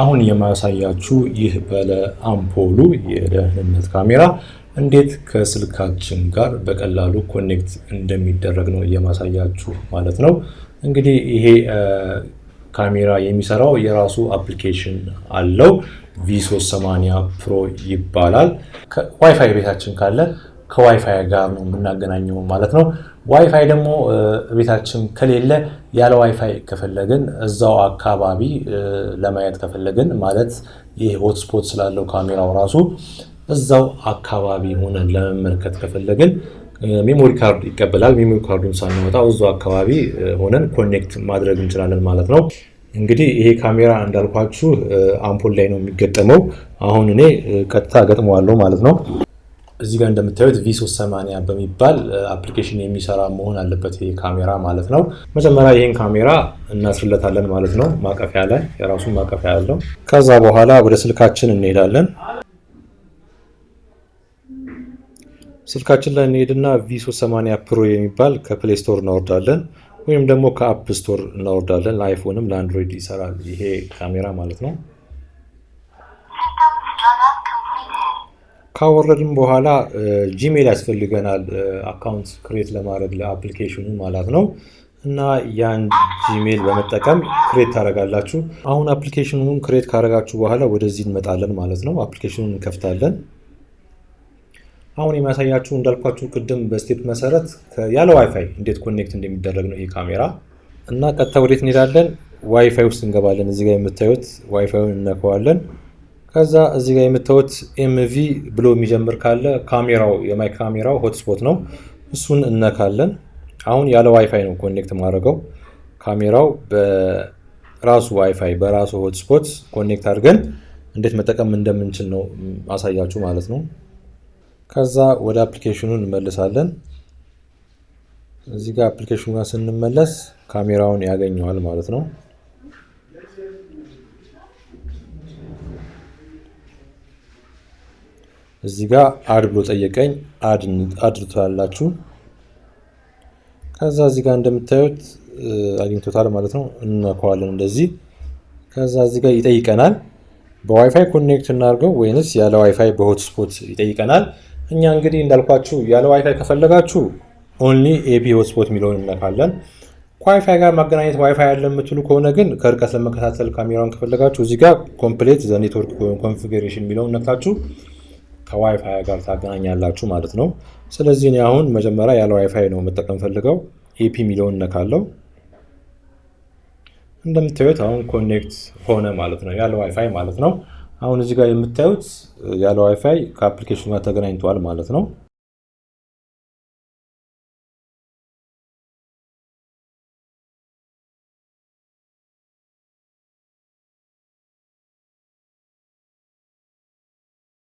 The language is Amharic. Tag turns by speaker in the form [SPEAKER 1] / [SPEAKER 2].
[SPEAKER 1] አሁን የማሳያችሁ ይህ ባለ አምፖሉ የደህንነት ካሜራ እንዴት ከስልካችን ጋር በቀላሉ ኮኔክት እንደሚደረግ ነው የማሳያችሁ ማለት ነው። እንግዲህ ይሄ ካሜራ የሚሰራው የራሱ አፕሊኬሽን አለው። ቪ380 ፕሮ ይባላል። ዋይፋይ ቤታችን ካለ ከዋይፋይ ጋር ነው የምናገናኘው ማለት ነው። ዋይፋይ ደግሞ ቤታችን ከሌለ ያለ ዋይፋይ ከፈለግን እዛው አካባቢ ለማየት ከፈለግን ማለት ይህ ሆትስፖት ስላለው ካሜራው ራሱ እዛው አካባቢ ሆነን ለመመልከት ከፈለግን ሜሞሪ ካርድ ይቀበላል። ሜሞሪ ካርዱን ሳንወጣ እዛው አካባቢ ሆነን ኮኔክት ማድረግ እንችላለን ማለት ነው። እንግዲህ ይሄ ካሜራ እንዳልኳችሁ አምፖል ላይ ነው የሚገጠመው። አሁን እኔ ቀጥታ ገጥመዋለሁ ማለት ነው። እዚህ ጋር እንደምታዩት ቪ380 በሚባል አፕሊኬሽን የሚሰራ መሆን አለበት ይህ ካሜራ ማለት ነው። መጀመሪያ ይህን ካሜራ እናስርለታለን ማለት ነው። ማቀፊያ ላይ የራሱን ማቀፊያ ያለው። ከዛ በኋላ ወደ ስልካችን እንሄዳለን። ስልካችን ላይ እንሄድና ቪ380 ፕሮ የሚባል ከፕሌይ ስቶር እናወርዳለን ወይም ደግሞ ከአፕ ስቶር እናወርዳለን። ለአይፎንም ለአንድሮይድ ይሰራል ይሄ ካሜራ ማለት ነው። ካወረድን በኋላ ጂሜል ያስፈልገናል አካውንት ክሬት ለማድረግ ለአፕሊኬሽኑ ማለት ነው። እና ያን ጂሜል በመጠቀም ክሬት ታደርጋላችሁ። አሁን አፕሊኬሽኑን ክሬት ካደረጋችሁ በኋላ ወደዚህ እንመጣለን ማለት ነው። አፕሊኬሽኑን እንከፍታለን። አሁን የሚያሳያችሁ እንዳልኳችሁ ቅድም በስቴፕ መሰረት ያለ ዋይፋይ እንዴት ኮኔክት እንደሚደረግ ነው ይሄ ካሜራ እና ቀጥታ ወዴት እንሄዳለን? ዋይፋይ ውስጥ እንገባለን። እዚህ ጋር የምታዩት ዋይፋዩን እነከዋለን። ከዛ እዚህ ጋር የምታዩት ኤምቪ ብሎ የሚጀምር ካለ ካሜራው የማይክ ካሜራው ሆትስፖት ነው። እሱን እነካለን። አሁን ያለ ዋይፋይ ነው ኮኔክት ማድረገው። ካሜራው በራሱ ዋይፋይ በራሱ ሆትስፖት ኮኔክት አድርገን እንዴት መጠቀም እንደምንችል ነው ማሳያችሁ ማለት ነው። ከዛ ወደ አፕሊኬሽኑ እንመልሳለን። እዚህ ጋር አፕሊኬሽኑ ጋር ስንመለስ ካሜራውን ያገኘዋል ማለት ነው። እዚህ ጋር አድ ብሎ ጠየቀኝ። አድ ትላላችሁ። ከዛ እዚህ ጋር እንደምታዩት አግኝቶታል ማለት ነው። እናከዋለን እንደዚህ። ከዛ እዚህ ጋር ይጠይቀናል በዋይፋይ ኮኔክት እናድርገው ወይንስ ያለ ዋይፋይ በሆትስፖት ይጠይቀናል። እኛ እንግዲህ እንዳልኳችሁ ያለ ዋይፋይ ከፈለጋችሁ ኦንሊ ኤፒ ሆትስፖት የሚለውን እነካለን። ከዋይፋይ ጋር ማገናኘት ዋይፋይ ያለ የምትሉ ከሆነ ግን ከርቀት ለመከታተል ካሜራውን ከፈለጋችሁ እዚህ ጋር ኮምፕሌት ዘ ኔትወርክ ኮንፊግሬሽን የሚለውን ነካችሁ ከዋይፋይ ጋር ታገናኛላችሁ ማለት ነው። ስለዚህ እኔ አሁን መጀመሪያ ያለ ዋይፋይ ነው መጠቀም ፈልገው ኤፒ የሚለውን እነካለው። እንደምታዩት አሁን ኮኔክት ሆነ ማለት ነው፣ ያለ ዋይፋይ ማለት ነው። አሁን እዚህ ጋር የምታዩት ያለ ዋይፋይ ከአፕሊኬሽኑ ጋር ተገናኝተዋል ማለት ነው።